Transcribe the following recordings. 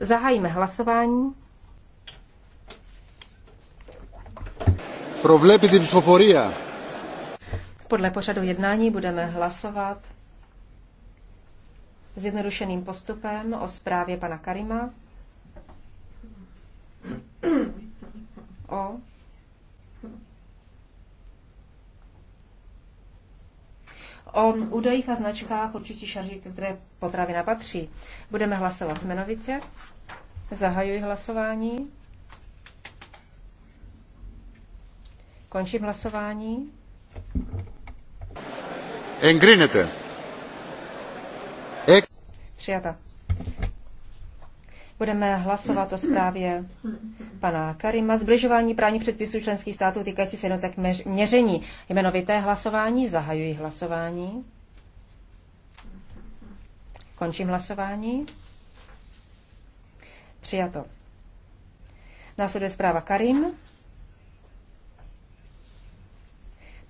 Zahájíme hlasování. Podle pořadu jednání budeme hlasovat zjednodušeným postupem o zprávě pana Karima o o údajích a značkách určitě šarží, které potravina patří. Budeme hlasovat jmenovitě. Zahajuji hlasování. Končím hlasování. Engrinete. Ek- Přijata budeme hlasovat o zprávě pana Karima. Zbližování právní předpisů členských států týkající se jednotek měření. Jmenovité hlasování. Zahajuji hlasování. Končím hlasování. Přijato. Následuje zpráva Karim.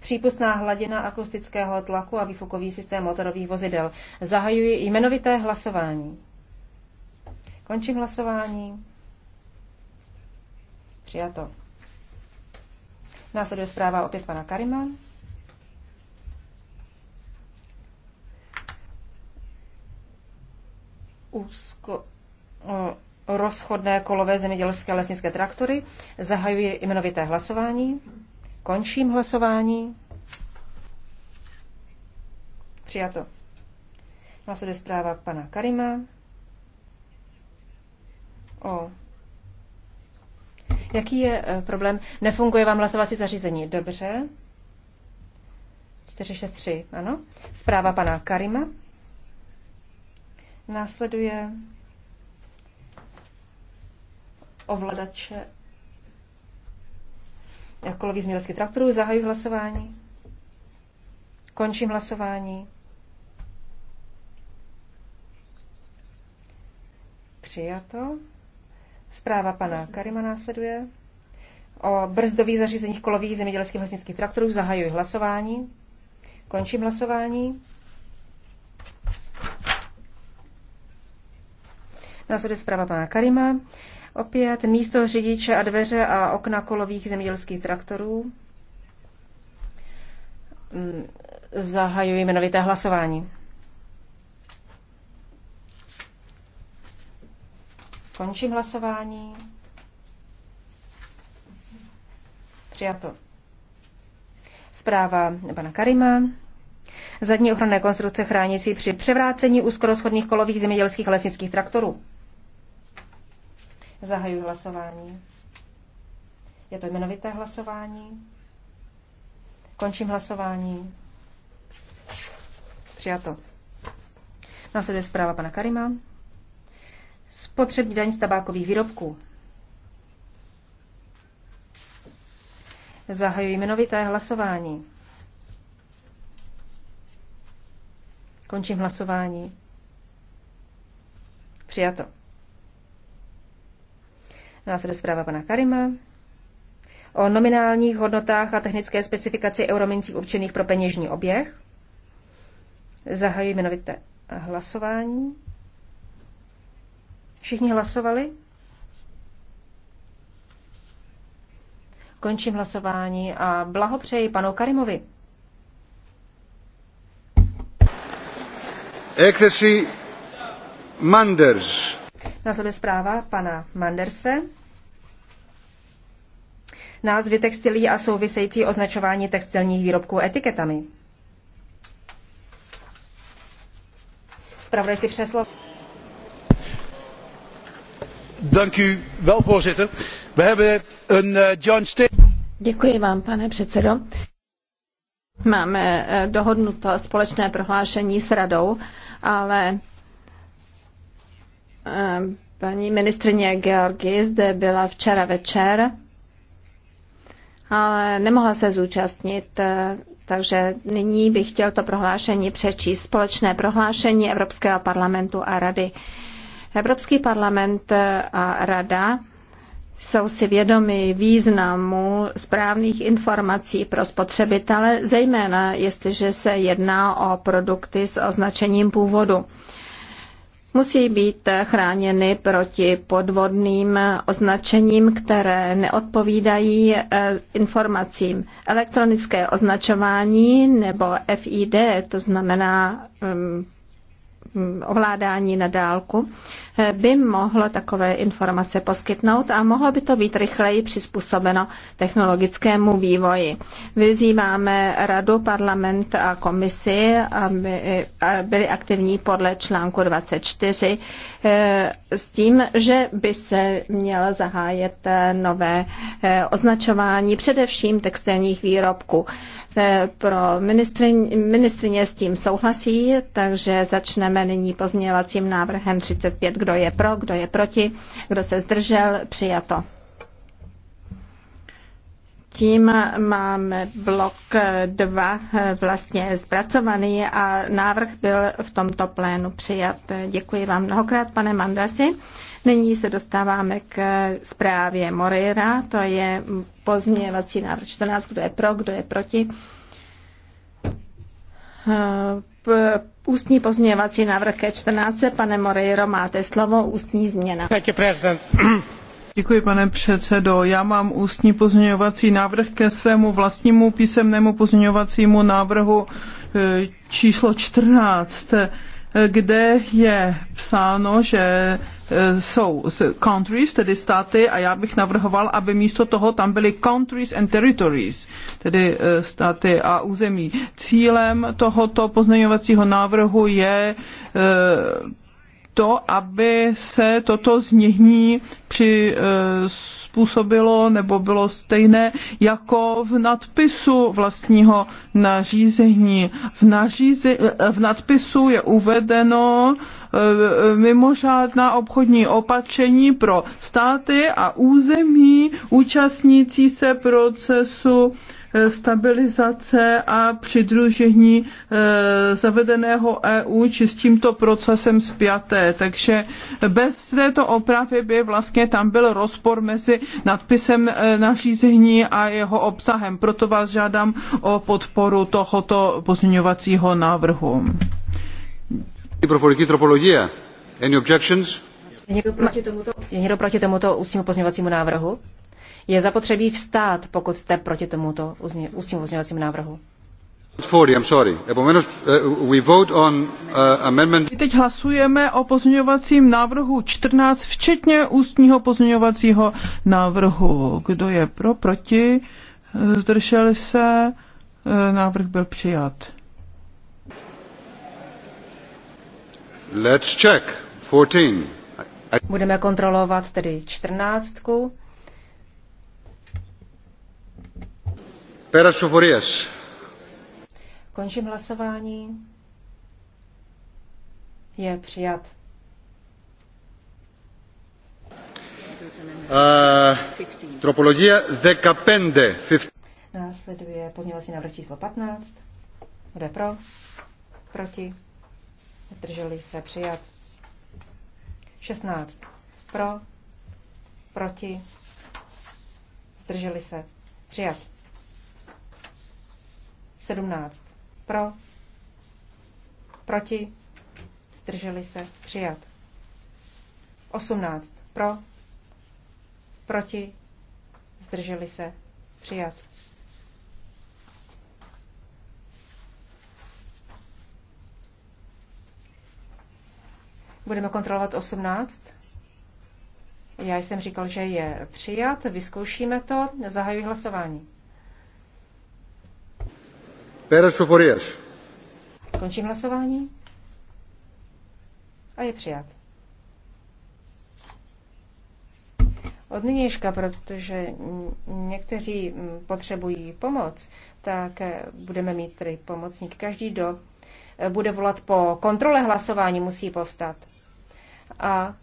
Přípustná hladina akustického tlaku a výfukový systém motorových vozidel. Zahajuji jmenovité hlasování. Končím hlasování. Přijato. Následuje zpráva opět pana Karima. Úzko, rozchodné kolové zemědělské lesnické traktory. Zahajuji jmenovité hlasování. Končím hlasování. Přijato. Následuje zpráva pana Karima o Jaký je eh, problém? Nefunguje vám hlasovací zařízení. Dobře. 463, ano. Zpráva pana Karima. Následuje ovladače kolový změlecký traktorů. Zahajuji hlasování. Končím hlasování. Přijato. Zpráva pana Karima následuje. O brzdových zařízeních kolových zemědělských vlastnických traktorů zahajuji hlasování. Končím hlasování. Následuje zpráva pana Karima. Opět místo řidiče a dveře a okna kolových zemědělských traktorů. Mm, zahajuji jmenovité hlasování. Končím hlasování. Přijato. Zpráva pana Karima. Zadní ochranné konstrukce chrání si při převrácení úzkoroschodných kolových zemědělských lesnických traktorů. Zahajuji hlasování. Je to jmenovité hlasování. Končím hlasování. Přijato. Následuje zpráva pana Karima. Spotřební daň z tabákových výrobků. Zahajuji jmenovité hlasování. Končím hlasování. Přijato. Následuje zpráva pana Karima o nominálních hodnotách a technické specifikaci euromincí určených pro peněžní oběh. Zahajuji jmenovité hlasování. Všichni hlasovali? Končím hlasování a blahopřeji panu Karimovi. Έκθεση Manders. Následuje zpráva pana Manderse. Názvy textilí a související označování textilních výrobků etiketami. Spravodaj si přeslov voorzitter we hebben een eh, joint statement. Máme eh, dohodnuto společné prohlášení s radou, ale eh, paní ministrině Georgi zde byla včera večer, ale nemohla se zúčastnit, takže nyní bych chtěl to prohlášení přečíst. Společné prohlášení Evropského parlamentu a rady. Evropský parlament a rada jsou si vědomi významu správných informací pro spotřebitele, zejména jestliže se jedná o produkty s označením původu. Musí být chráněny proti podvodným označením, které neodpovídají eh, informacím. Elektronické označování nebo FID, to znamená mm, ovládání na dálku eh, by mohlo takové informace poskytnout a mohlo by to být rychleji přizpůsobeno technologickému vývoji. Vyzýváme Radu, parlament a komisi, aby eh, byli aktivní podle článku 24 eh, s tím, že by se mělo zahájet nové označování především textilních výrobků pro ministrině, ministrině s tím souhlasí, takže začneme nyní pozměňovacím návrhem 35. Kdo je pro, kdo je proti, kdo se zdržel, přijato. Tím máme blok 2 vlastně zpracovaný a návrh byl v tomto plénu přijat. Děkuji vám mnohokrát, pane Mandasi. Nyní se dostáváme k zprávě Moreira, to je pozměňovací návrh 14, kdo je pro, kdo je proti. Ústní pozměňovací návrh ke 14. Pane Moreiro, máte slovo, ústní změna. Děkuji, pane předsedo. Já mám ústní pozměňovací návrh ke svému vlastnímu písemnému pozměňovacímu návrhu e, číslo 14, e, kde je psáno, že Eh, jsou countries, tedy státy, a já bych navrhoval, aby místo toho tam byly countries and territories, tedy eh, státy a území. Cílem tohoto pozměňovacího návrhu je eh, to, aby se toto znění přizpůsobilo nebo bylo stejné jako v nadpisu vlastního nařízení. V, naříze, v nadpisu je uvedeno, Eh, mimořádná obchodní opatření pro státy a území účastnící se procesu eh, stabilizace a přidružení eh, zavedeného EU či s tímto procesem zpěté. Takže bez této opravy by vlastně tam byl rozpor mezi nadpisem nařízení a jeho obsahem. Proto vás žádám o podporu tohoto pozměňovacího návrhu. Proforiký tropologie. Any objections? Je někdo proti tomuto, proti tomuto ústnímu pozměňovacímu návrhu? Je zapotřebí vstát, pokud jste proti tomuto ústnímu pozměňovacímu návrhu. 40, I'm sorry. Uh, we vote on, uh, amendment... Teď hlasujeme o pozměňovacím návrhu 14, včetně ústního pozměňovacího návrhu. Kdo je pro, proti? Zdrželi se? Eh, návrh byl přijat. Budeme kontrolovat tedy čtrnáctku. Končím hlasování. Je přijat. Uh, tropologie 15. 15. Následuje pozměňovací návrh číslo 15. Kdo pro? Proti? zdrželi se přijat. 16. Pro, proti, zdrželi se přijat. 17. Pro, proti, zdrželi se přijat. 18. Pro, proti, zdrželi se přijat. Budeme kontrolovat 18. Já jsem říkal, že je přijat. Vyzkoušíme to. Zahajuji hlasování. Pérez Soforias. Končím hlasování. A je přijat. Od nynějška, protože někteří potřebují pomoc, tak budeme mít tedy pomocník. Každý, kdo bude volat po kontrole hlasování, musí povstat. A,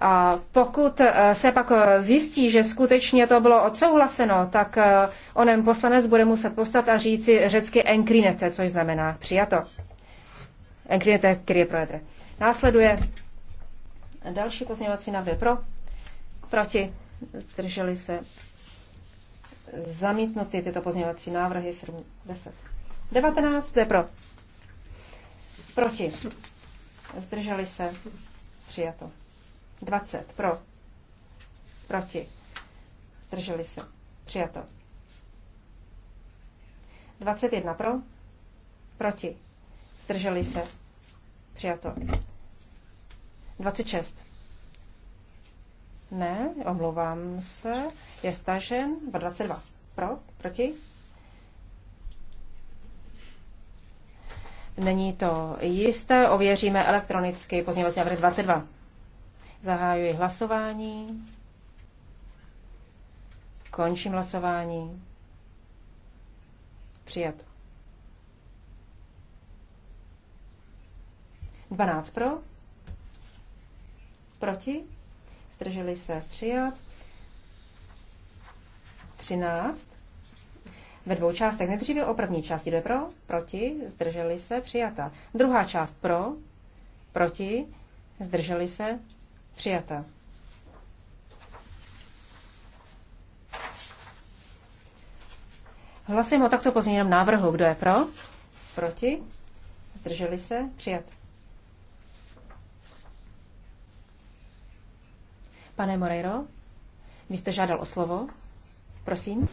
a pokud eh, se pak eh, zjistí, že skutečně to bylo odsouhlaseno, tak eh, onem poslanec bude muset postat a říci řecky enkrinete, což znamená přijato. Enkrinete, je projedre. Následuje další pozměňovací návrh pro, proti, zdrželi se zamítnuty tyto pozměňovací návrhy 7, 10. 19 je pro. Proti zdrželi se, přijato. 20 pro, proti, zdrželi se, přijato. 21 pro, proti, zdrželi se, přijato. 26. Ne, omlouvám se, je stažen 22. Pro, proti, Není to jisté, ověříme elektronicky pozměňovací návrh 22. Zahajuji hlasování. Končím hlasování. Přijat. 12 pro. Proti. Zdrželi se přijat. 13 ve dvou částech. Nejdříve o první části. Kdo je pro? Proti? Zdrželi se? Přijata. Druhá část pro? Proti? Zdrželi se? Přijata. Hlasujeme o takto pozměněném návrhu. Kdo je pro? Proti? Zdrželi se? Přijat. Pane Moreiro, vy jste žádal o slovo. Prosím.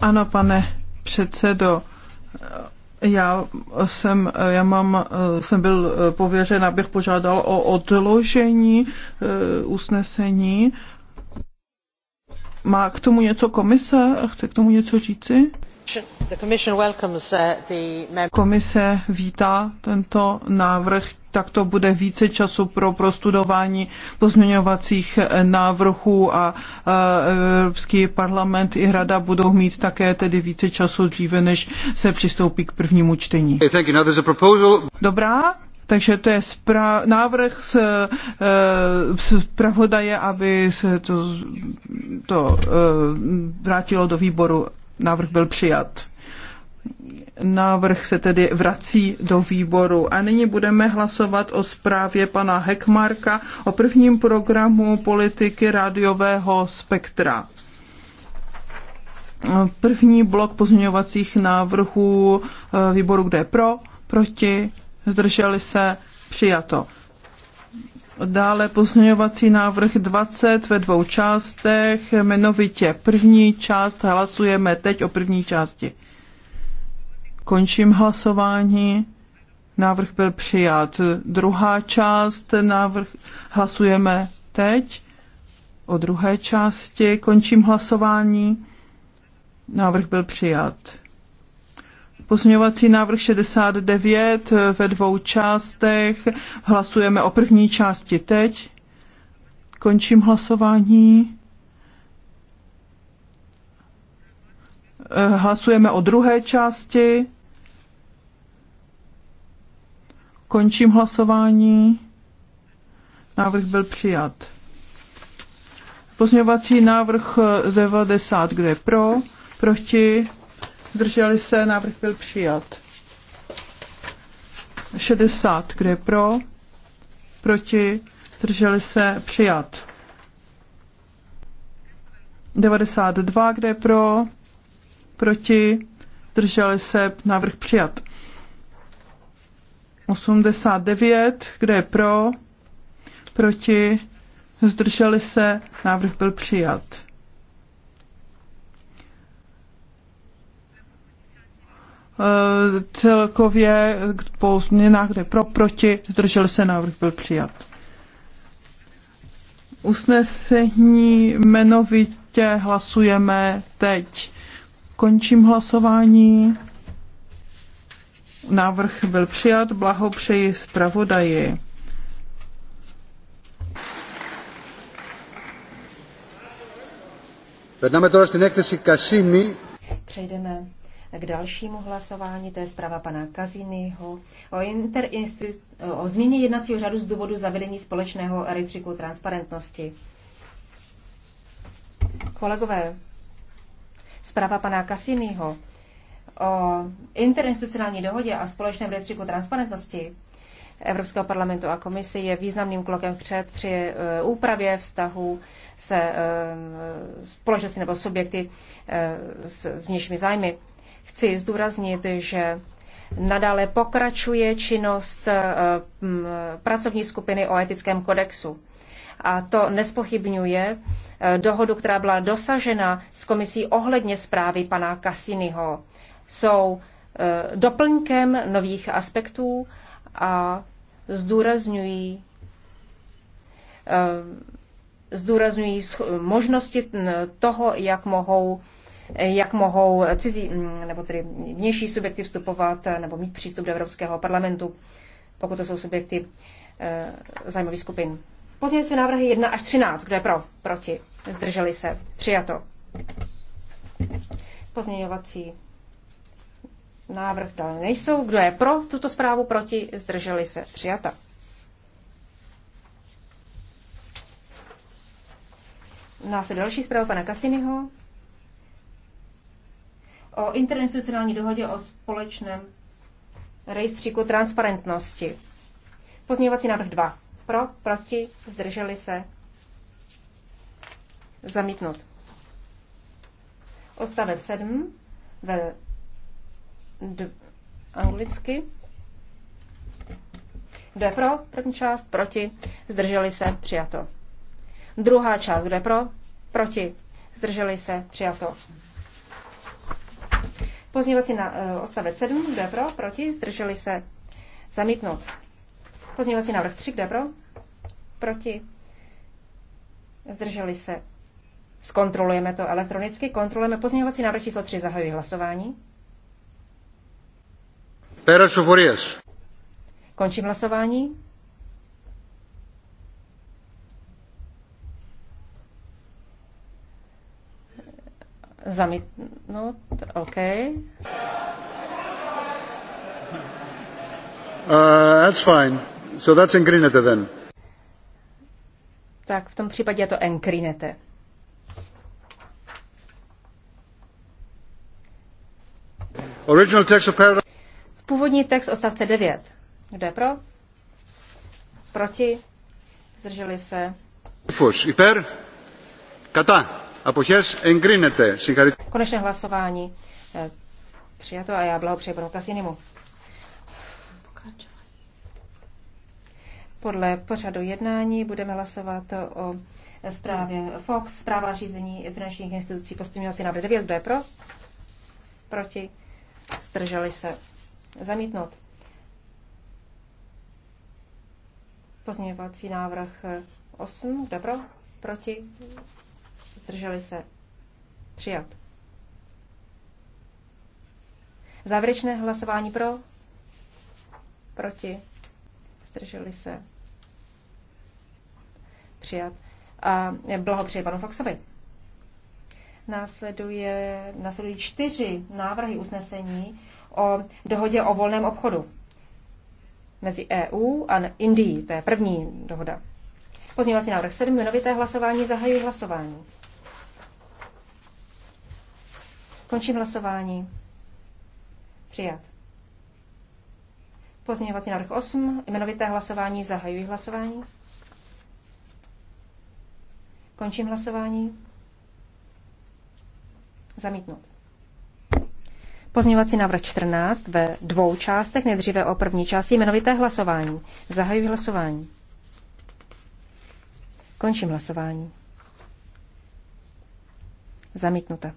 Ano, pane předsedo. Já jsem, já mám, jsem byl pověřen, abych požádal o odložení eh, usnesení. Má k tomu něco komise? Chce k tomu něco říci? Eh, komise vítá tento návrh tak to bude více času pro prostudování pozměňovacích eh, návrhů a eh, Evropský parlament i rada budou mít také tedy více času dříve, než se přistoupí k prvnímu čtení. Dobrá, takže to je spra- návrh z, eh, z pravodaje, aby se to, to vrátilo do výboru. Návrh byl přijat. Návrh se tedy vrací do výboru. A nyní budeme hlasovat o zprávě pana Hekmarka o prvním programu politiky rádiového spektra. První blok pozměňovacích návrhů eh, výboru, kde je pro, proti, zdrželi se, přijato. Dále pozměňovací návrh 20 ve dvou částech, jmenovitě první část, hlasujeme teď o první části. Končím hlasování. Návrh byl přijat. Druhá část návrh hlasujeme teď. O druhé části končím hlasování. Návrh byl přijat. Pozměňovací návrh 69 ve dvou částech. Hlasujeme o první části teď. Končím hlasování. Eh, hlasujeme o druhé části. Končím hlasování. Návrh byl přijat. Pozměňovací návrh 90, kde je pro, proti, zdrželi se, návrh byl přijat. 60, kde je pro, proti, zdrželi se, přijat. 92, kde je pro, proti, zdrželi se, návrh přijat. 89, kde je pro, proti, zdrželi se, návrh byl přijat. E, celkově po změnách, kde pro, proti, zdrželi se, návrh byl přijat. Usnesení jmenovitě hlasujeme teď. Končím hlasování. Návrh byl přijat. Blahopřeji zpravodaji. Přejdeme k dalšímu hlasování, to je zpráva pana Kaziniho o, o změně jednacího řádu z důvodu zavedení společného rejstříku transparentnosti. Kolegové, zpráva pana Kasinyho o interinstitucionální dohodě a společném rejstříku transparentnosti Evropského parlamentu a komisi je významným krokem vpřed při e, úpravě vztahu se e, společnosti nebo subjekty e, s, s vnějšími zájmy. Chci zdůraznit, že nadále pokračuje činnost pracovní skupiny o etickém kodexu. A to nespochybňuje dohodu, která byla dosažena s komisí ohledně zprávy pana Cassiniho jsou e, doplňkem nových aspektů a zdůrazňují e, zdůrazňují možnosti toho, jak mohou jak mohou cizí, nebo tedy vnější subjekty vstupovat e, nebo mít přístup do Evropského parlamentu, pokud to jsou subjekty e, zájmových skupin. jsou návrhy 1 až 13. Kdo je pro? Proti? Zdrželi se? Přijato. Pozměňovací Návrh dál nejsou. Kdo je pro tuto zprávu proti? Zdrželi se. Přijata. Následuje další zpráva pana Kasinyho o interinstitucionální dohodě o společném rejstříku transparentnosti. Pozměňovací návrh 2. Pro, proti, zdrželi se, zamítnut. Ostavec 7 ve d- anglicky. Kdo je pro? První část. Proti. Zdrželi se. Přijato. Druhá část. Kdo je pro? Proti. Zdrželi se. Přijato. Pozměňovací na uh, eh, ostavec 7. Kdo je pro? Proti. Zdrželi se. Zamítnout. Pozměňovací návrh 3. Kdo je pro? Proti. Zdrželi se. Zkontrolujeme to elektronicky. Kontrolujeme pozměňovací návrh číslo 3. Zahajuji hlasování. Pera Soforias. Končím hlasování. Zamítnout, OK. Uh, that's fine. So that's Encrinete then. Tak v tom případě je to Encrinete. Original text of paragraph Původní text ostavce 9. Kdo je pro? Proti? Zdrželi se. Φως hyper? Kata, a εγκρίνεται. engrinete, Konečné hlasování. Eh, přijato a já blahopřeji panu Kasinimu. Podle pořadu jednání budeme hlasovat o zprávě FOX, zpráva řízení finančních institucí, Postupně asi návrh 9, kdo je pro? Proti? Zdrželi se. Zamítnout. Pozměňovací návrh 8. Kdo pro? Proti? Zdrželi se? Přijat. Závěrečné hlasování pro? Proti? Zdrželi se? Přijat. A blahopřeji panu Foxovi. Následuje, následují čtyři návrhy usnesení o dohodě o volném obchodu mezi EU a Indií. To je první dohoda. Pozměňovací návrh 7, jmenovité hlasování, zahají hlasování. Končím hlasování. Přijat. Pozměňovací návrh 8, jmenovité hlasování, zahajuji hlasování. Končím hlasování. Zamítnout. Pozměňovací návrh 14 ve dvou částech, nejdříve o první části jmenovité hlasování. Zahajuji hlasování. Končím hlasování. Zamítnuta.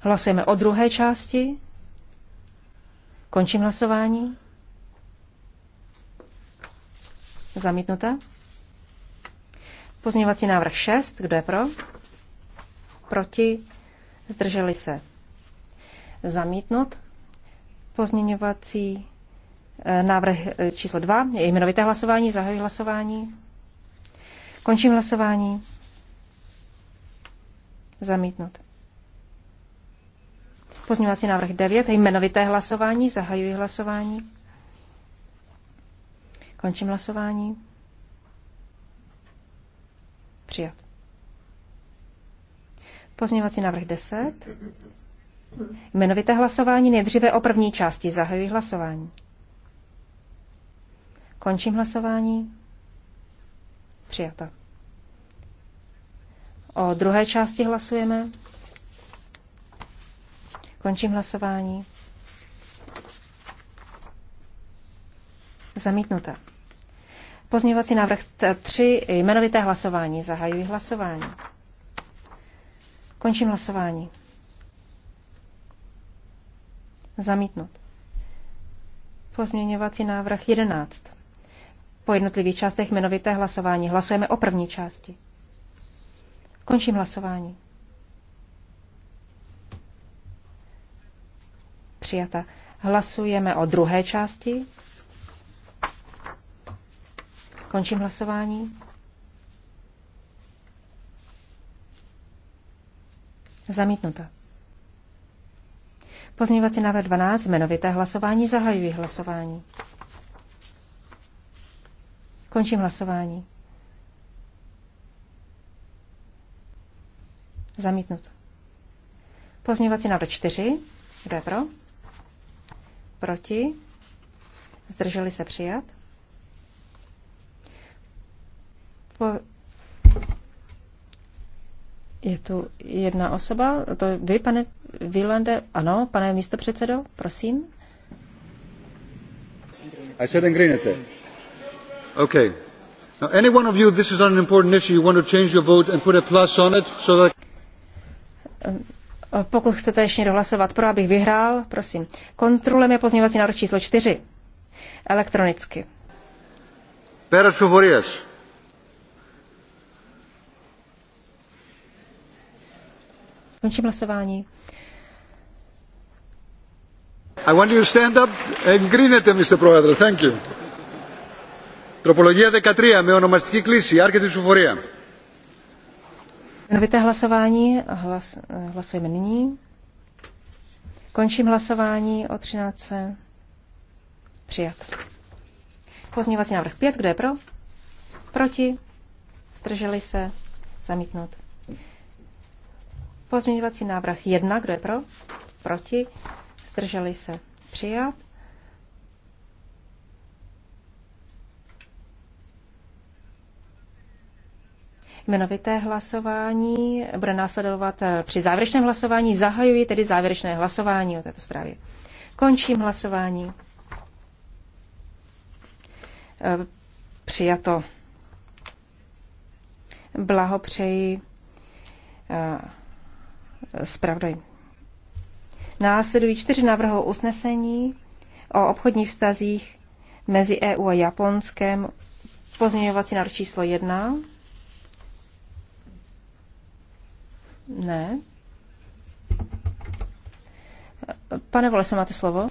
Hlasujeme o druhé části. Končím hlasování. Zamítnuta. Pozměňovací návrh 6. Kdo je pro? proti, zdrželi se. Zamítnut. Pozměňovací eh, návrh eh, číslo 2, jmenovité hlasování, zahajuji hlasování. Končím hlasování. Zamítnut. Pozměňovací návrh 9, jmenovité hlasování, zahajuji hlasování. Končím hlasování. Přijat. Pozměňovací návrh 10. Jmenovité hlasování nejdříve o první části. Zahajuji hlasování. Končím hlasování. Přijata. O druhé části hlasujeme. Končím hlasování. Zamítnuté. Pozměňovací návrh 3. Jmenovité hlasování. Zahajuji hlasování. Končím hlasování. Zamítnut. Pozměňovací návrh 11. Po jednotlivých částech jmenovité hlasování. Hlasujeme o první části. Končím hlasování. Přijata. Hlasujeme o druhé části. Končím hlasování. Zamítnuta. Pozměňovací návrh 12, jmenovité hlasování, zahajuji hlasování. Končím hlasování. Zamítnut. Pozměňovací návrh 4. Kdo je pro? Proti? Zdrželi se přijat? Po je tu jedna osoba, to je vy, pane Vilande, ano, pane místopředsedo, prosím. I said Engrinete. Okay. Now, any one of you, this is not an important issue. You want to change your vote and put a plus on it so that... Pokud chcete ještě dohlasovat pro, abych vyhrál, prosím. Kontrolujeme pozměňovací návrh číslo 4. Elektronicky. Pera Čuvorias. Končím hlasování. I want you to stand up. and green it, Mr. Πρόεδρε. Thank you. Τροπολογία 13 με ονομαστική κλίση. Άρχεται η ψηφοφορία. Jmenovité hlasování hlas, hlasujeme nyní. Končím hlasování o 13. Přijat. Pozměňovací návrh 5. Kdo je pro? Proti? Zdrželi se? Zamítnout. Pozměňovací návrh 1, kdo je pro? Proti? Zdrželi se? Přijat. Jmenovité hlasování bude následovat eh, při závěrečném hlasování. Zahajuji tedy závěrečné hlasování o této zprávě. Končím hlasování. Eh, přijato. Blahopřeji eh, zpravodaj. Následují čtyři návrhy usnesení o obchodních vztazích mezi EU a Japonskem. Pozměňovací návrh číslo jedna. Ne. Pane Volese, máte slovo.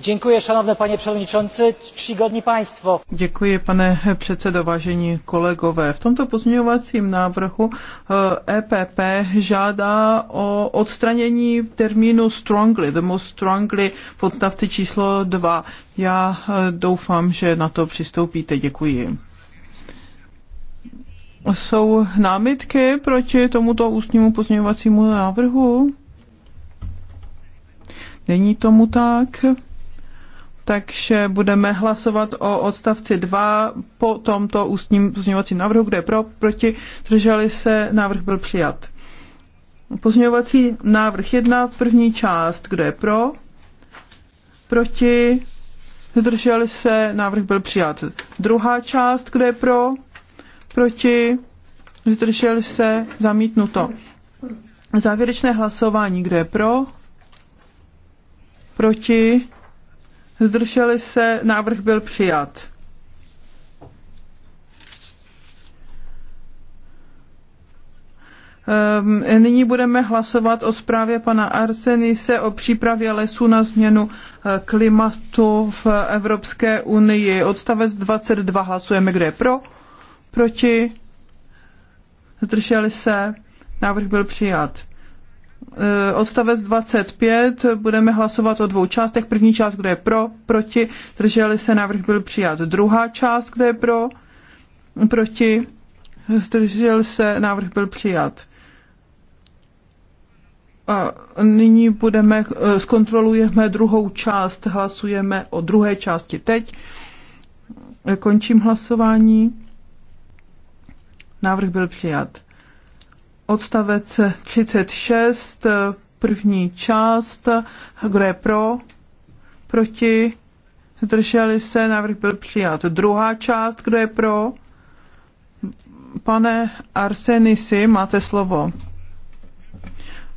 Děkuji, pane Děkuji, pane předsedo, vážení kolegové. V tomto pozměňovacím návrhu EPP e žádá o odstranění termínu strongly, the most strongly v odstavci číslo 2. Já e, doufám, že na to přistoupíte. Děkuji. Jsou námitky proti tomuto ústnímu pozměňovacímu návrhu? Není tomu tak takže budeme hlasovat o odstavci 2 po tomto ústním pozměňovacím návrhu, kde je pro, proti, drželi se, návrh byl přijat. Pozměňovací návrh 1, první část, kde je pro, proti, zdrželi se, návrh byl přijat. Druhá část, kde je pro, proti, zdrželi se, zamítnuto. Závěrečné hlasování, kde je pro, proti, zdrželi se, návrh byl přijat. Ehm, nyní budeme hlasovat o zprávě pana Arsenise o přípravě lesů na změnu eh, klimatu v Evropské unii. Odstavec 22 hlasujeme, kde je pro, proti, zdrželi se, návrh byl přijat. Eh, odstavec 25, budeme hlasovat o dvou částech. První část, kde je pro, proti, zdrželi se, návrh byl přijat. Druhá část, kde je pro, proti, zdrželi se, návrh byl přijat. A nyní budeme, eh, zkontrolujeme druhou část, hlasujeme o druhé části teď. Eh, končím hlasování. Návrh byl přijat odstavec 36, první část, kdo je pro, proti, zdrželi se, návrh byl přijat. Druhá část, kdo je pro, pane Arsenisi, máte slovo.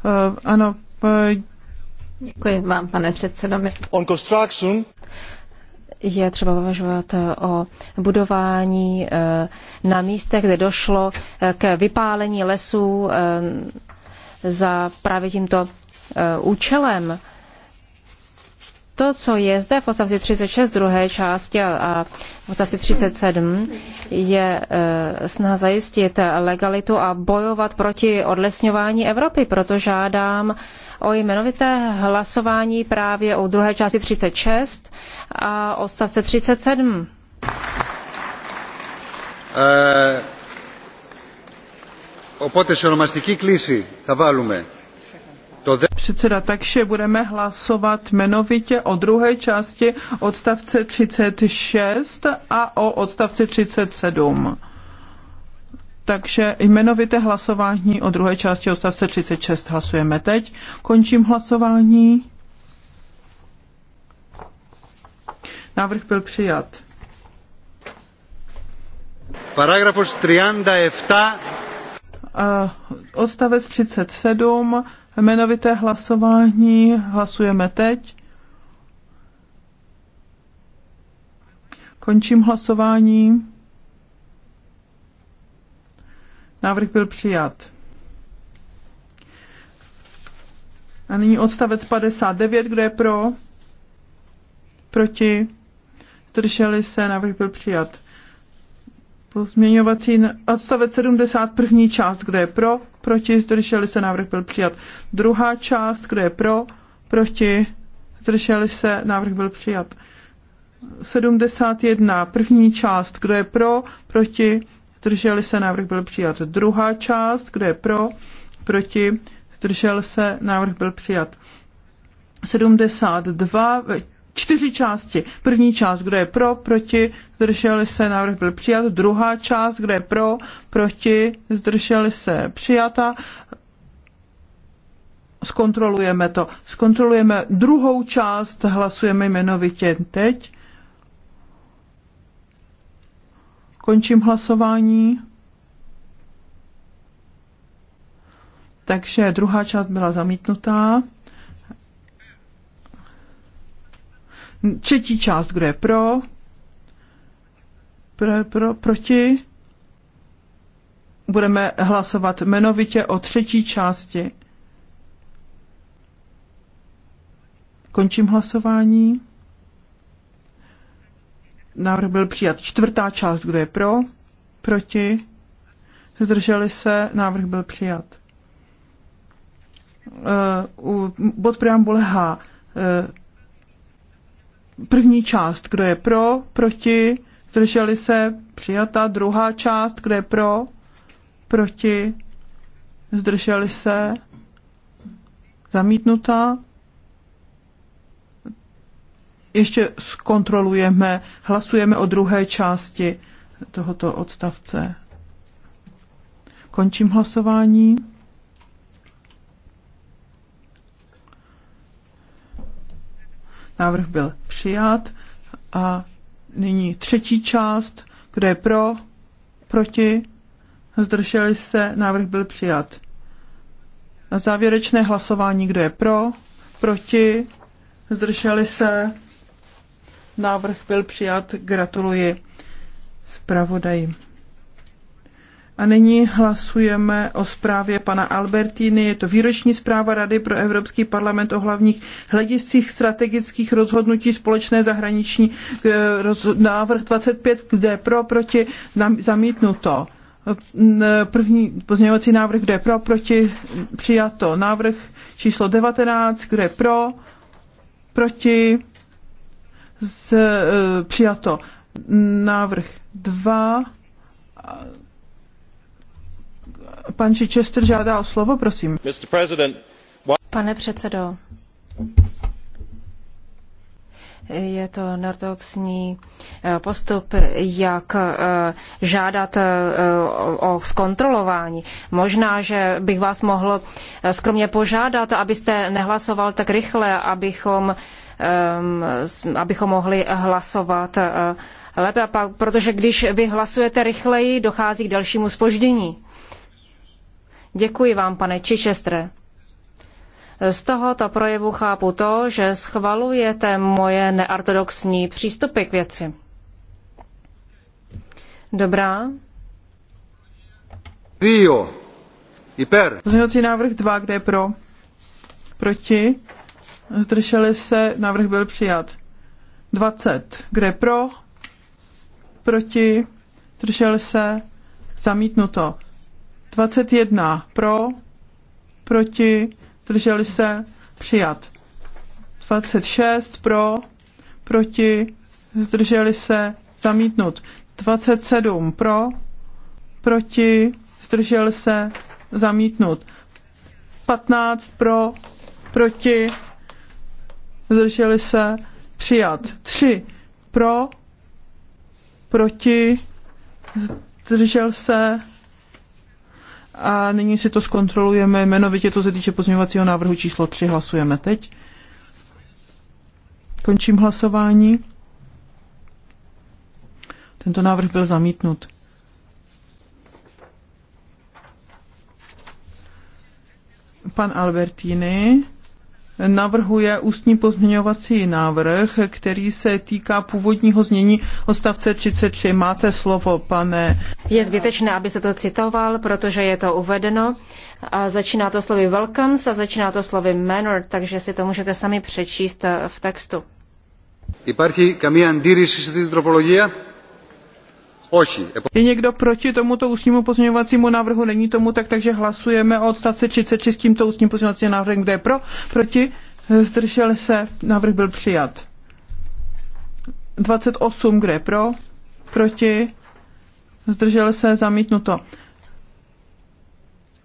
Eh, ano, Děkuji vám, pane předsedo. On construction je třeba uvažovat eh, o budování eh, na místech, kde došlo eh, k vypálení lesů za právě tímto účelem. To, co je zde v odstavci 36 druhé části a v odstavci 37, je eh, snaha zajistit legalitu a bojovat proti odlesňování Evropy. Proto žádám o jmenovité hlasování právě o druhé části 36 a odstavce 37. Ε, οπότε σε ονομαστική κλίση θα βάλουμε Předseda, takže budeme hlasovat jmenovitě o druhé části odstavce 36 a o odstavci 37. Takže jmenovité hlasování o druhé části odstavce 36 hlasujeme teď. Končím hlasování. Návrh byl přijat. Paragrafus 37. Uh, eh, odstavec 37 jmenovité hlasování. Hlasujeme teď. Končím hlasování. Návrh byl přijat. A nyní odstavec 59, kdo je pro? Proti? Zdrželi se, návrh byl přijat. Pozměňovací odstavec 71. část, kdo je pro, proti, zdrželi se, návrh byl přijat. Druhá část, kdo je pro, proti, zdrželi se, návrh byl přijat. 71. První část, kdo je pro, proti, zdrželi se, návrh byl přijat. Druhá část, kdo je pro, proti, zdržel se, návrh byl přijat. 72 čtyři části. První část, kdo je pro, proti, zdrželi se, návrh byl přijat. Druhá část, kdo je pro, proti, zdrželi se, přijata. Zkontrolujeme to. Zkontrolujeme druhou část, hlasujeme jmenovitě teď. Končím hlasování. Takže druhá část byla zamítnutá. Třetí část, kdo je pro? Pro, pro, proti? Budeme hlasovat jmenovitě o třetí části. Končím hlasování. Návrh byl přijat. Čtvrtá část, kdo je pro? Proti? Zdrželi se? Návrh byl přijat. Uh, bod preambule H. Uh, První část, kdo je pro, proti, zdrželi se, přijata. Druhá část, kdo je pro, proti, zdrželi se, zamítnuta. Ještě zkontrolujeme, hlasujeme o druhé části tohoto odstavce. Končím hlasování. Návrh byl přijat. A nyní třetí část, kdo je pro, proti, zdrželi se, návrh byl přijat. Na závěrečné hlasování, kdo je pro, proti, zdrželi se, návrh byl přijat, gratuluji zpravodaji. A nyní hlasujeme o zprávě pana Albertiny. Je to výroční zpráva Rady pro Evropský parlament o hlavních hlediscích strategických rozhodnutí společné zahraniční eh, návrh 25, kde pro, proti, zamítnuto. První pozměňovací návrh, kde pro, proti, přijato. Návrh číslo 19, kde pro, proti, z, eh, přijato. Návrh 2, Pan Chichester žádá o slovo, prosím. Pane předsedo, je to ortodoxní eh, postup, jak eh, žádat eh, o zkontrolování. Možná, že bych vás mohl skromně požádat, abyste nehlasoval tak rychle, abychom, ehm, abychom mohli hlasovat lépe, protože když vy hlasujete rychleji, dochází k dalšímu spoždění. Děkuji vám, pane Čičestre. Z tohoto projevu chápu to, že schvalujete moje neortodoxní přístupy k věci. Dobrá. Dio. Hyper. Pozměňovací návrh 2, kde je pro? Proti? Zdrželi se, návrh byl přijat. 20, kde je pro? Proti? Zdrželi se, zamítnuto. 21 pro, proti, zdrželi se, přijat. 26 pro, proti, zdrželi se, zamítnut. 27 pro, proti, zdržel se, zamítnut. 15 pro, proti, zdrželi se, přijat. 3 pro, proti, zdržel se, a nyní si to zkontrolujeme jmenovitě, co se týče pozměňovacího návrhu číslo 3. Hlasujeme teď. Končím hlasování. Tento návrh byl zamítnut. Pan Albertini navrhuje ústní pozměňovací návrh, který se týká původního znění odstavce 33. Máte slovo, pane. Je zbytečné, aby se to citoval, protože je to uvedeno. A začíná to slovy welcomes a začíná to slovy manner, takže si to můžete sami přečíst eh, v textu. Υπάρχει καμία αντίρρηση σε τροπολογία? Je někdo proti tomuto ústnímu pozměňovacímu návrhu? Není tomu tak, takže hlasujeme o odstavce 33 s tímto ústním pozměňovacím návrhem. Kdo je pro? Proti? Zdržel se? Návrh byl přijat. 28, kdo je pro? Proti? Zdržel se? Zamítnuto.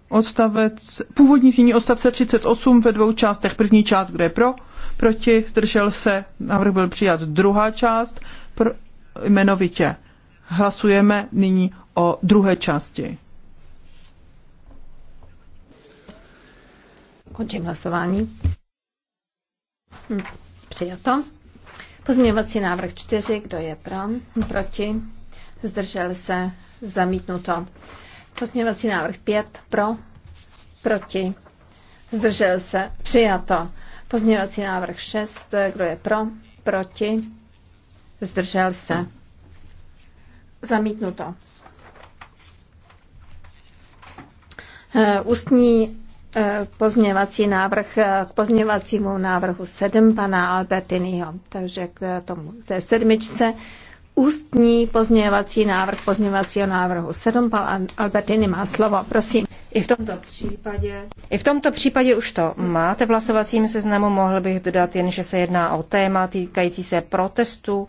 Odstavec, původní znění odstavce 38 ve dvou částech. První část, kde je pro, proti, zdržel se, návrh byl přijat. Druhá část, pro, jmenovitě. Hlasujeme nyní o druhé části. Končím hlasování. Hm, přijato. Pozměňovací návrh 4. Kdo je pro? Proti? Zdržel se? Zamítnuto. Pozměňovací návrh 5. Pro? Proti? Zdržel se? Přijato. Pozměňovací návrh 6. Kdo je pro? Proti? Zdržel se? Zamítnuto. Eh, ústní eh, pozměvací návrh eh, k pozměvacímu návrhu 7 pana Albertinyho, Takže k tomu té sedmičce ústní pozměvací návrh pozměvacího návrhu 7. Pan Albertiny má slovo, prosím. I v tomto případě. I v tomto případě už to máte v hlasovacím seznamu. Mohl bych dodat jen, že se jedná o téma týkající se protestu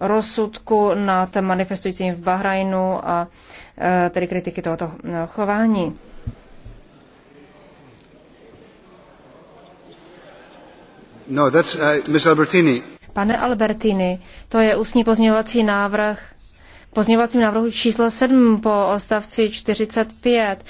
rozsudku nad manifestujícím v Bahrajnu a e, tedy kritiky tohoto e, chování. No, that's, uh, Ms. Albertini. Pane Albertini, to je ústní pozměňovací návrh pozměňovacím návrhu číslo 7 po odstavci 45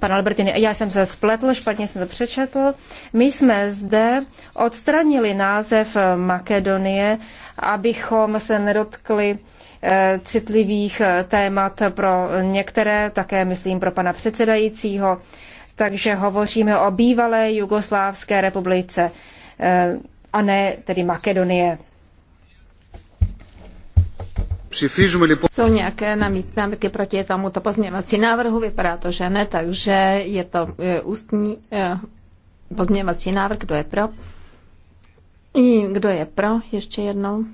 pan Albertini, já jsem se spletl, špatně jsem to přečetl. My jsme zde odstranili název Makedonie, abychom se nedotkli eh, citlivých eh, témat pro některé, také myslím pro pana předsedajícího. Takže hovoříme o bývalé Jugoslávské republice eh, a ne tedy Makedonie. Jsou nějaké námitky proti tomuto pozměvací návrhu? Vypadá to, že ne, takže je to e, ústní e, pozměvací návrh. Kdo je pro? I kdo je pro? Ještě jednou.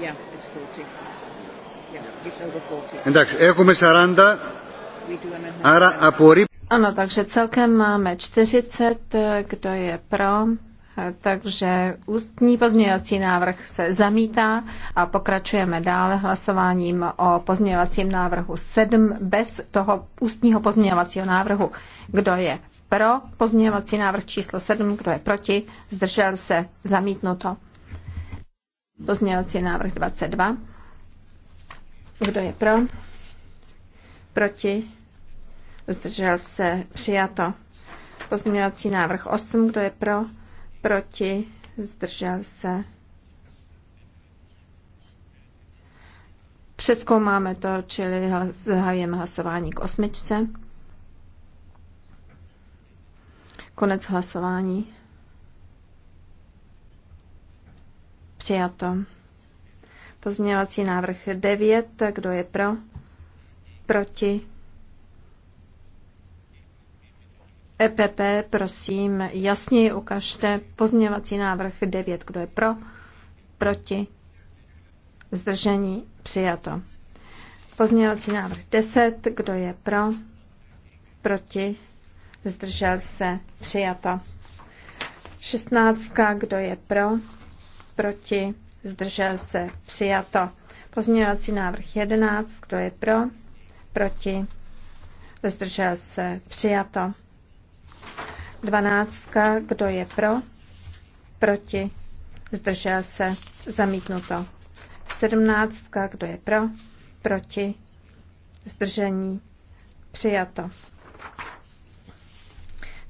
Yeah, it's 40. Yeah, it's over 40. Εντάξει, έχουμε 40 ano, takže celkem máme 40, kdo je pro, takže ústní pozměňovací návrh se zamítá a pokračujeme dále hlasováním o pozměňovacím návrhu 7 bez toho ústního pozměňovacího návrhu. Kdo je pro pozměňovací návrh číslo 7, kdo je proti, zdržel se, zamítnuto. Pozměňovací návrh 22. Kdo je pro? Proti? zdržel se, přijato. Pozměňovací návrh 8, kdo je pro, proti, zdržel se. Přeskoumáme to, čili zahajujeme hlasování k osmičce. Konec hlasování. Přijato. Pozměňovací návrh 9. Kdo je pro? Proti? EPP, prosím, jasněji ukažte pozměňovací návrh 9. Kdo je pro? Proti? Zdržení? Přijato. Pozměňovací návrh 10. Kdo je pro? Proti? Zdržel se? Přijato. 16. Kdo je pro? Proti? Zdržel se? Přijato. Pozměňovací návrh 11. Kdo je pro? Proti? Zdržel se? Přijato. Dvanáctka, kdo je pro? Proti? Zdržel se? Zamítnuto. Sedmnáctka, kdo je pro? Proti? Zdržení? Přijato.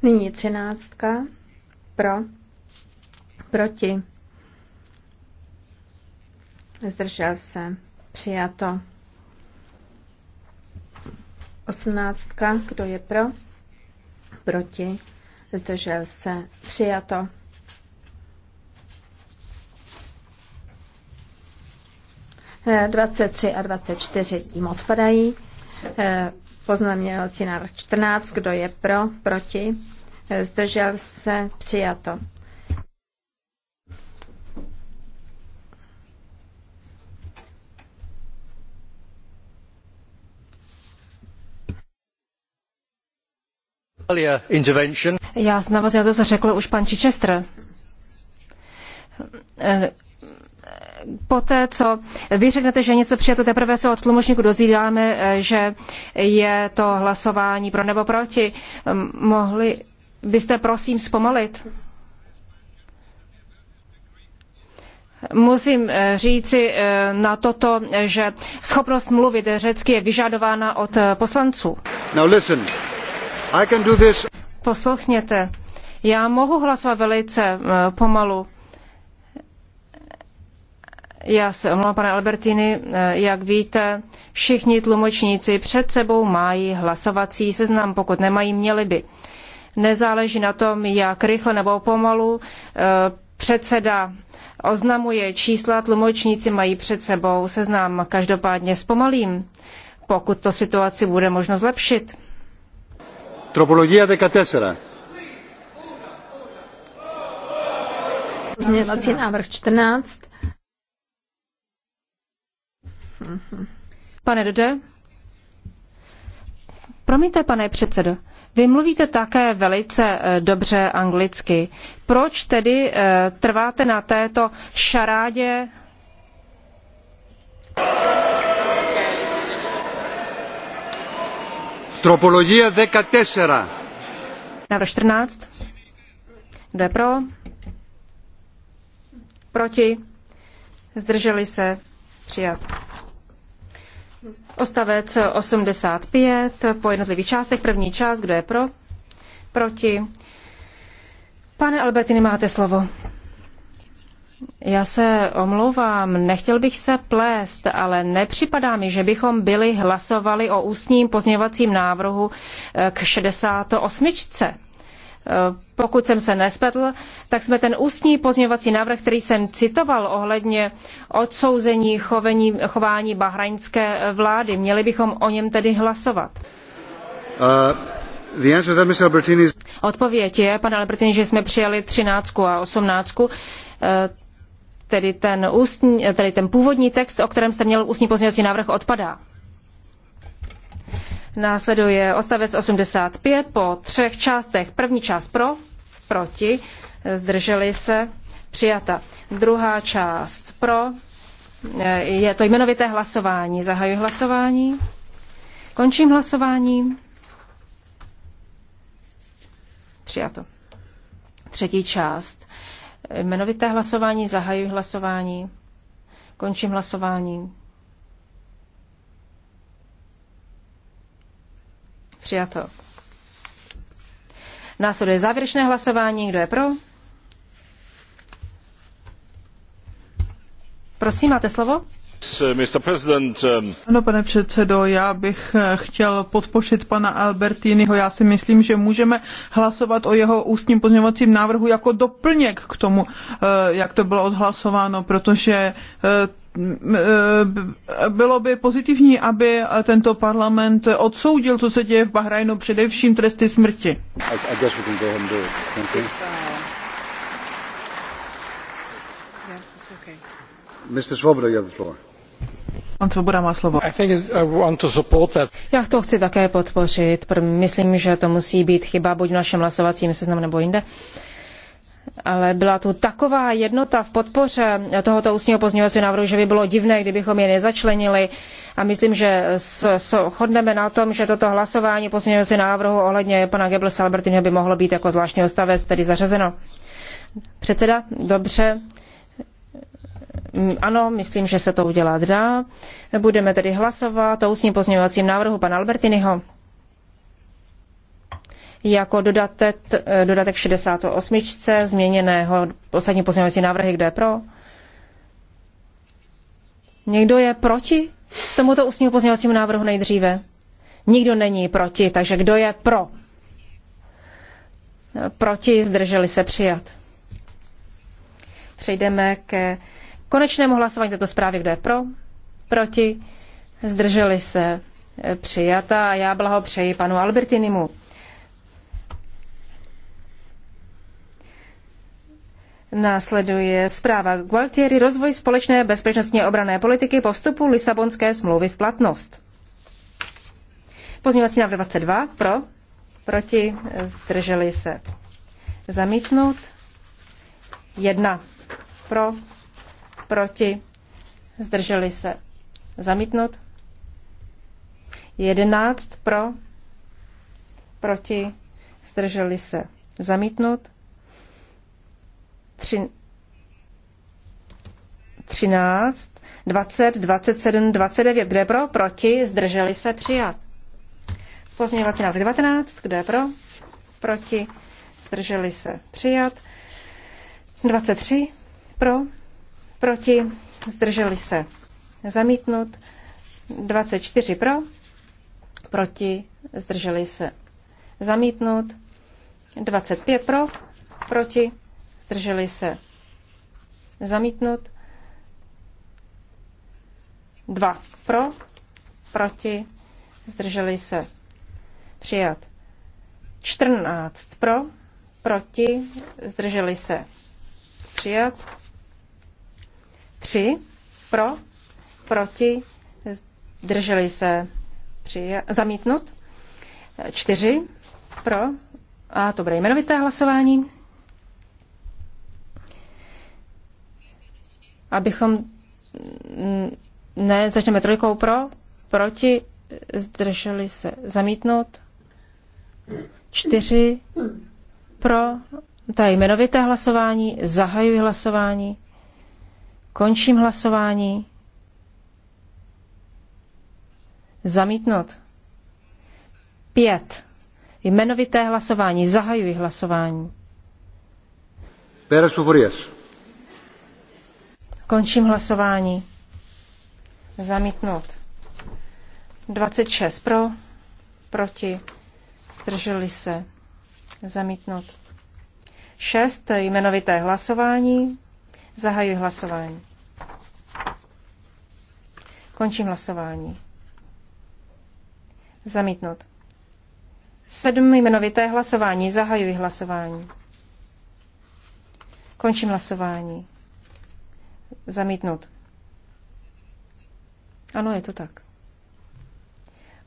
Nyní třináctka. Pro? Proti? Zdržel se? Přijato. Osmnáctka, kdo je pro? Proti? zdržel se, přijato. E, eh, 23 a 24 tím odpadají. E, eh, Poznamenací návrh 14, kdo je pro, proti, eh, zdržel se, přijato. Já navazuji na to, co řekl už pan Chichester. Eh, poté, co vy řeknete, že něco přijato, teprve se od tlumočníku dozvídáme, eh, že je to hlasování pro nebo proti. Mohli byste prosím zpomalit? Musím eh, říci na toto, že schopnost mluvit řecky je vyžadována od poslanců. Now listen. Poslouchněte, já mohu hlasovat velice eh, pomalu. Já se omlouvám, pane Albertini, eh, jak víte, všichni tlumočníci před sebou mají hlasovací seznam, pokud nemají, měli by. Nezáleží na tom, jak rychle nebo pomalu eh, předseda oznamuje čísla, tlumočníci mají před sebou seznam. Každopádně zpomalím, pokud to situaci bude možno zlepšit. Τροπολογία 14. Pozměňovací návrh 14. Pane Dede? Promiňte, pane předsedo. Vy mluvíte také velice eh, dobře anglicky. Proč tedy eh, trváte na této šarádě? Tropologie 14. Návrh 14. Kdo je pro? Proti? Zdrželi se? Přijat. Ostavec 85 po jednotlivých částech. První část, kdo je pro? Proti? Pane Albertini, máte slovo. Já se omlouvám, nechtěl bych se plést, ale nepřipadá mi, že bychom byli hlasovali o ústním pozměňovacím návrhu eh, k 68. Eh, pokud jsem se nespetl, tak jsme ten ústní pozměňovací návrh, který jsem citoval ohledně odsouzení chovení, chování bahrajnské eh, vlády, měli bychom o něm tedy hlasovat. Uh... Odpověď je, pane Albertini, že jsme přijali 13 a 18 tedy ten, ústní, tedy ten původní text, o kterém jste měl ústní pozměňovací návrh, odpadá. Následuje odstavec 85 po třech částech. První část pro, proti, zdrželi se, přijata. Druhá část pro, je to jmenovité hlasování. Zahajuji hlasování. Končím hlasování. Přijato. Třetí část. Jmenovité hlasování, zahajuji hlasování, končím hlasování. Přijato. Následuje závěrečné hlasování. Kdo je pro? Prosím, máte slovo? Um, ano, pane předsedo, já bych eh, chtěl podpořit pana Albertiniho. Já si myslím, že můžeme hlasovat o jeho ústním pozměňovacím návrhu jako doplněk k tomu, eh, jak to bylo odhlasováno, protože eh, bylo by pozitivní, aby tento parlament odsoudil, co se děje v Bahrajnu, především tresty smrti. Mr. you have the floor. Pan Svoboda má slovo. Já to chci také podpořit. Myslím, že to musí být chyba buď v našem hlasovacím seznamu nebo jinde. Ale byla tu taková jednota v podpoře tohoto ústního pozměňovacího návrhu, že by bylo divné, kdybychom je nezačlenili. A myslím, že shodneme na tom, že toto hlasování pozměňovacího návrhu ohledně pana Goebbelsa Albertiny by mohlo být jako zvláštní odstavec, tedy zařazeno. Předseda, dobře. Mm, ano, myslím, že se to udělat dá. Budeme tedy hlasovat o ústním pozměňovacím návrhu pana Albertiniho jako dodatek, eh, dodatek 68. změněného poslední pozměňovací návrhy, kde je pro. Někdo je proti tomuto ústnímu pozměňovacímu návrhu nejdříve? Nikdo není proti, takže kdo je pro? Proti zdrželi se přijat. Přejdeme ke konečnému hlasování této zprávy, kdo je pro, proti, zdrželi se eh, přijata a já blahopřeji panu Albertinimu. Následuje zpráva Gualtieri rozvoj společné bezpečnostně obrané politiky po vstupu Lisabonské smlouvy v platnost. Pozměňovací návrh 22 pro, proti, zdrželi se. Zamítnout. jedna, pro, proti, zdrželi se Zamítnut. 11 pro, proti, zdrželi se Zamítnut. 13, 20, 27, 29, kde pro, proti, zdrželi se přijat. Pozměňovací návrh 19, Kdo je pro, proti, zdrželi se přijat. 23 pro, proti, zdrželi se zamítnut, 24 pro, proti, zdrželi se zamítnut, 25 pro, proti, zdrželi se zamítnut, 2 pro, proti, zdrželi se přijat, 14 pro, proti, zdrželi se přijat, 3 pro, proti, drželi se přija- zamítnut. 4 pro, a to bude jmenovité hlasování. Abychom mm, ne, začneme trojkou pro, proti, zdrželi se zamítnout. Čtyři pro, tady jmenovité hlasování, zahajuji hlasování. Končím hlasování. Zamítnout. Pět. Jmenovité hlasování. Zahajuji hlasování. Pérez Uvorias. Končím hlasování. Zamítnout. 26 pro, proti, zdrželi se. Zamítnout. 6. Jmenovité hlasování. Zahajuji hlasování. Končím hlasování. Zamítnout. Sedm jmenovité hlasování. Zahajuji hlasování. Končím hlasování. Zamítnout. Ano, je to tak.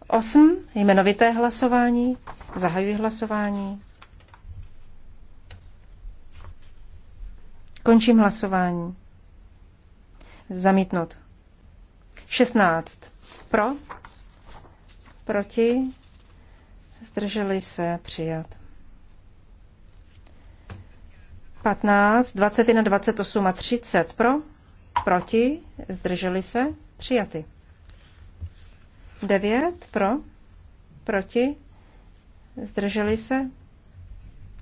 Osm jmenovité hlasování. Zahajuji hlasování. Končím hlasování. Zamítnut. 16. Pro. Proti. Zdrželi se přijat. 15, 21, 28 a 30 pro, proti, zdrželi se, přijaty. 9 pro, proti, zdrželi se,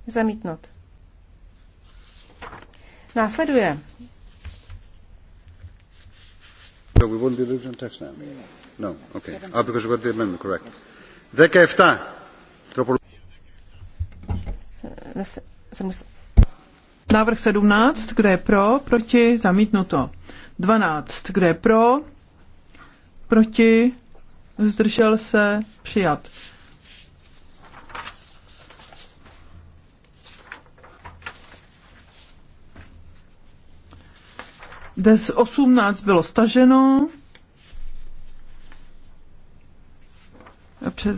zamítnout následuje. So we won't do the text now. No, okay. Ah, because we got the amendment, correct. 17. Eh, Návrh 17, kdo je pro, proti, zamítnuto. 12, kdo je pro, proti, zdržel se, přijat. Des 18 bylo staženo. Před...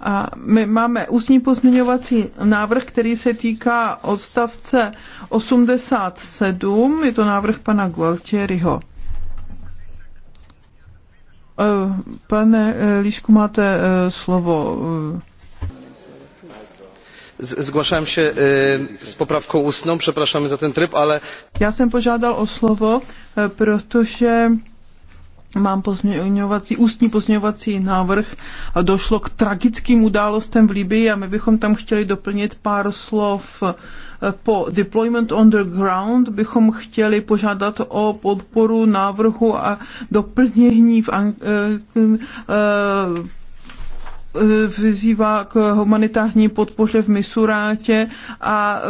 A my máme ústní pozměňovací návrh, který se týká odstavce 87. Je to návrh pana Gualtieriho. Eh, pane eh, Líšku, máte eh, slovo zgłaszałem się z poprawką ustną, przepraszamy za ten tryb, ale... Já jsem požádal o slovo, e, protože mám pozměňovací, ústní pozměňovací návrh a došlo k tragickým událostem v Libii a my bychom tam chtěli doplnit pár slov e, po deployment on the ground bychom chtěli požádat o podporu návrhu a doplnění v, e, Eh, vyzývá k humanitární podpoře v Misurátě a eh,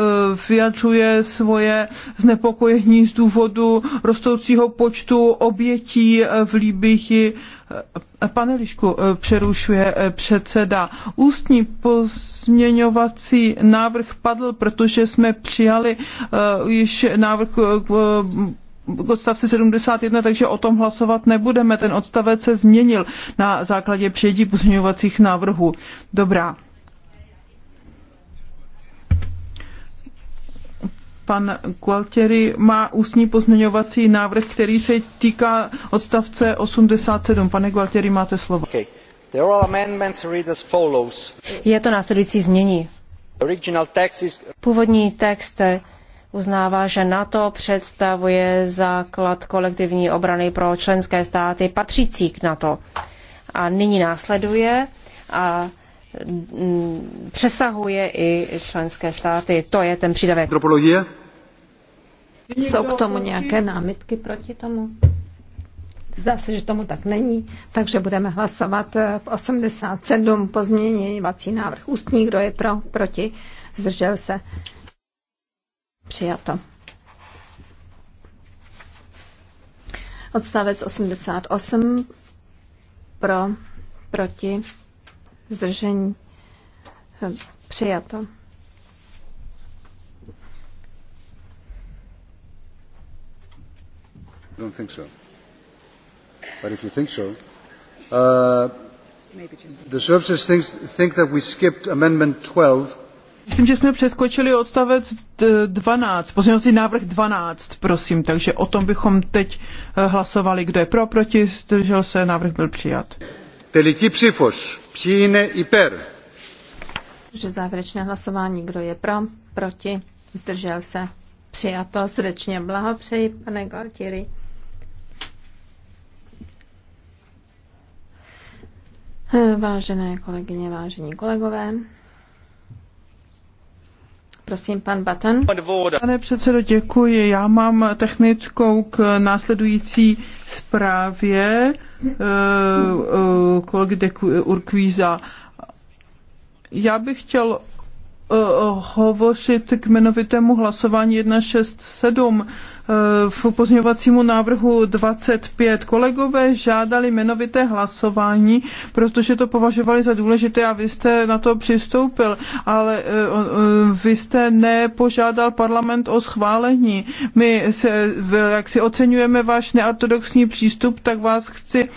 vyjadřuje svoje znepokojení z důvodu rostoucího počtu obětí eh, v Pane Lišku, přerušuje předseda. Ústní pozměňovací návrh padl, protože jsme přijali již návrh odstavci 71, takže o tom hlasovat nebudeme. Ten odstavec se změnil na základě přijetí pozměňovacích návrhů. Dobrá. Pan Gualtieri má ústní pozměňovací návrh, který se týká odstavce 87. Pane Gualtieri, máte slovo. Okay. amendments read as follows. Je to následující znění. Původní text uznává, že NATO představuje základ kolektivní obrany pro členské státy patřící k NATO. A nyní následuje a mm, přesahuje i členské státy. To je ten přídavek. Jsou k tomu nějaké námitky proti tomu? Zdá se, že tomu tak není, takže budeme hlasovat eh, v 87 pozměňovací návrh ústní. Kdo je pro, proti, zdržel se. Přijato. Odstavec 88 pro, proti, zdržení. Přijato. don't think so. But if you think so, uh, the services thinks, think that we skipped Amendment 12 Myslím, že jsme přeskočili odstavec 12, pozměňovací návrh 12, prosím, takže o tom bychom teď eh, hlasovali, kdo je pro, proti, zdržel se, návrh byl přijat. Teliký přijíne i per. Že závěrečné hlasování, kdo je pro, proti, zdržel se, přijato, srdečně blahopřeji, pane Gortiri. Eh, vážené kolegyně, vážení kolegové, Prosím, pan Pane předsedo, děkuji. Já mám technickou k následující zprávě eh, eh, kolegy de eh, Urquiza. Já bych chtěl hovořit k jmenovitému hlasování 167 Eh, v pozměňovacímu návrhu 25 kolegové žádali jmenovité hlasování, protože to považovali za důležité a vy jste na to přistoupil, ale eh, eh, vy jste nepožádal parlament o schválení. My, se, jak si oceňujeme váš neortodoxní přístup, tak vás chci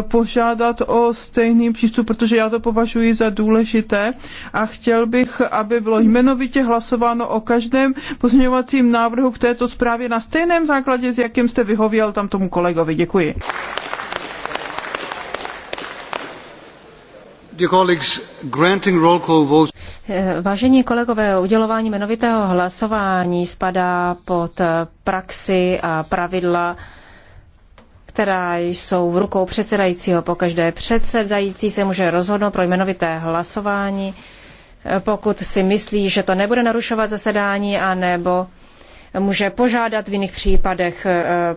požádat o stejný přístup, protože já to považuji za důležité a chtěl bych, aby bylo jmenovitě hlasováno o každém pozměňovacím návrhu k této zprávě na stejném základě, s jakým jste vyhověl tam tomu kolegovi. Děkuji. Vážení kolegové, udělování jmenovitého hlasování spadá pod praxi a pravidla, která jsou v rukou předsedajícího. Pokaždé předsedající se může rozhodnout pro jmenovité hlasování, pokud si myslí, že to nebude narušovat zasedání, anebo může požádat v jiných případech eh,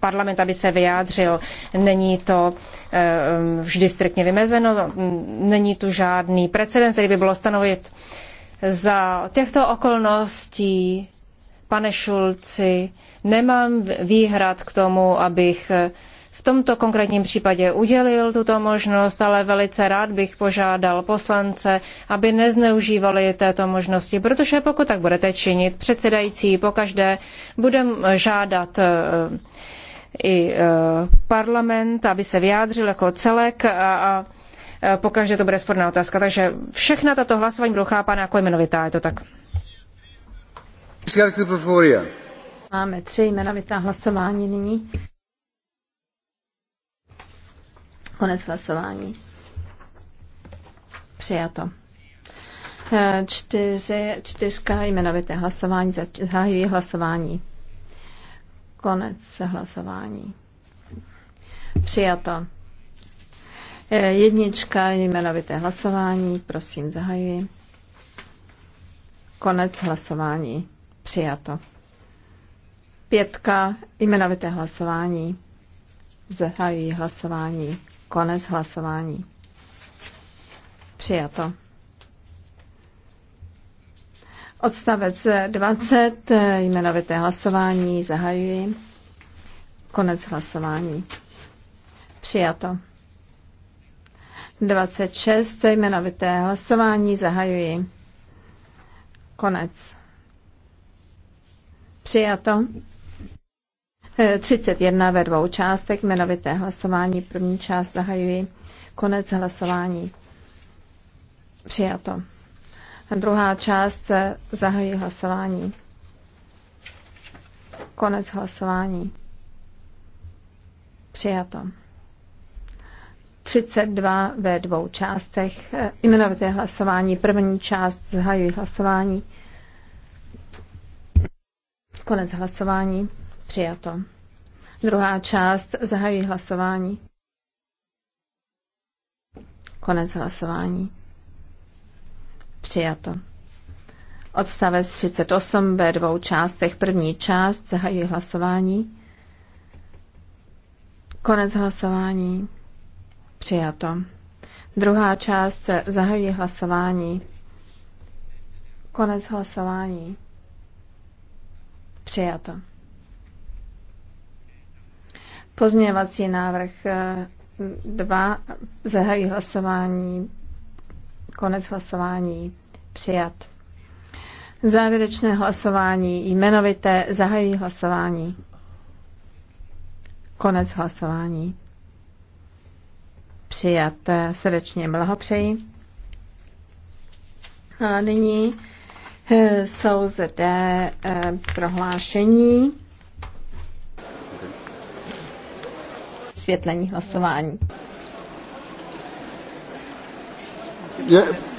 parlament, aby se vyjádřil. Není to eh, vždy striktně vymezeno, není tu žádný precedens, který by bylo stanovit. Za těchto okolností, pane Šulci, nemám výhrad k tomu, abych eh, v tomto konkrétním případě udělil tuto možnost, ale velice rád bych požádal poslance, aby nezneužívali této možnosti, protože pokud tak budete činit, předsedající pokaždé bude žádat e, i e, parlament, aby se vyjádřil jako celek a, a e, pokaždé to bude sporná otázka. Takže všechna tato hlasování budou chápána jako jmenovitá, je to tak. Máme tři jmenovitá hlasování nyní. Konec hlasování. Přijato. Eh, čtyři, čtyřka jmenovité hlasování. Zahajuji hlasování. Konec hlasování. Přijato. Eh, jednička jmenovité hlasování. Prosím, zahajuji. Konec hlasování. Přijato. Pětka jmenovité hlasování. Zahajuji hlasování. Konec hlasování. Přijato. Odstavec 20, jmenovité hlasování, zahajuji. Konec hlasování. Přijato. 26, jmenovité hlasování, zahajuji. Konec. Přijato. 31 ve dvou částech, jmenovité hlasování. První část zahajuji. Konec hlasování. Přijato. Druhá část zahají hlasování. Konec hlasování. Přijato. 32 ve dvou částech. Jmenovité hlasování. První část zahají hlasování. Konec hlasování. Přijato. Druhá část zahají hlasování. Konec hlasování. Přijato. Odstavec 38 ve dvou částech. První část zahají hlasování. Konec hlasování. Přijato. Druhá část zahají hlasování. Konec hlasování. Přijato. Pozměňovací návrh 2. Eh, zahají hlasování. Konec hlasování. Přijat. Závěrečné hlasování jmenovité. zahají hlasování. Konec hlasování. Přijat. Srdečně blahopřeji. A nyní eh, jsou zde eh, prohlášení. vysvětlení hlasování. Je,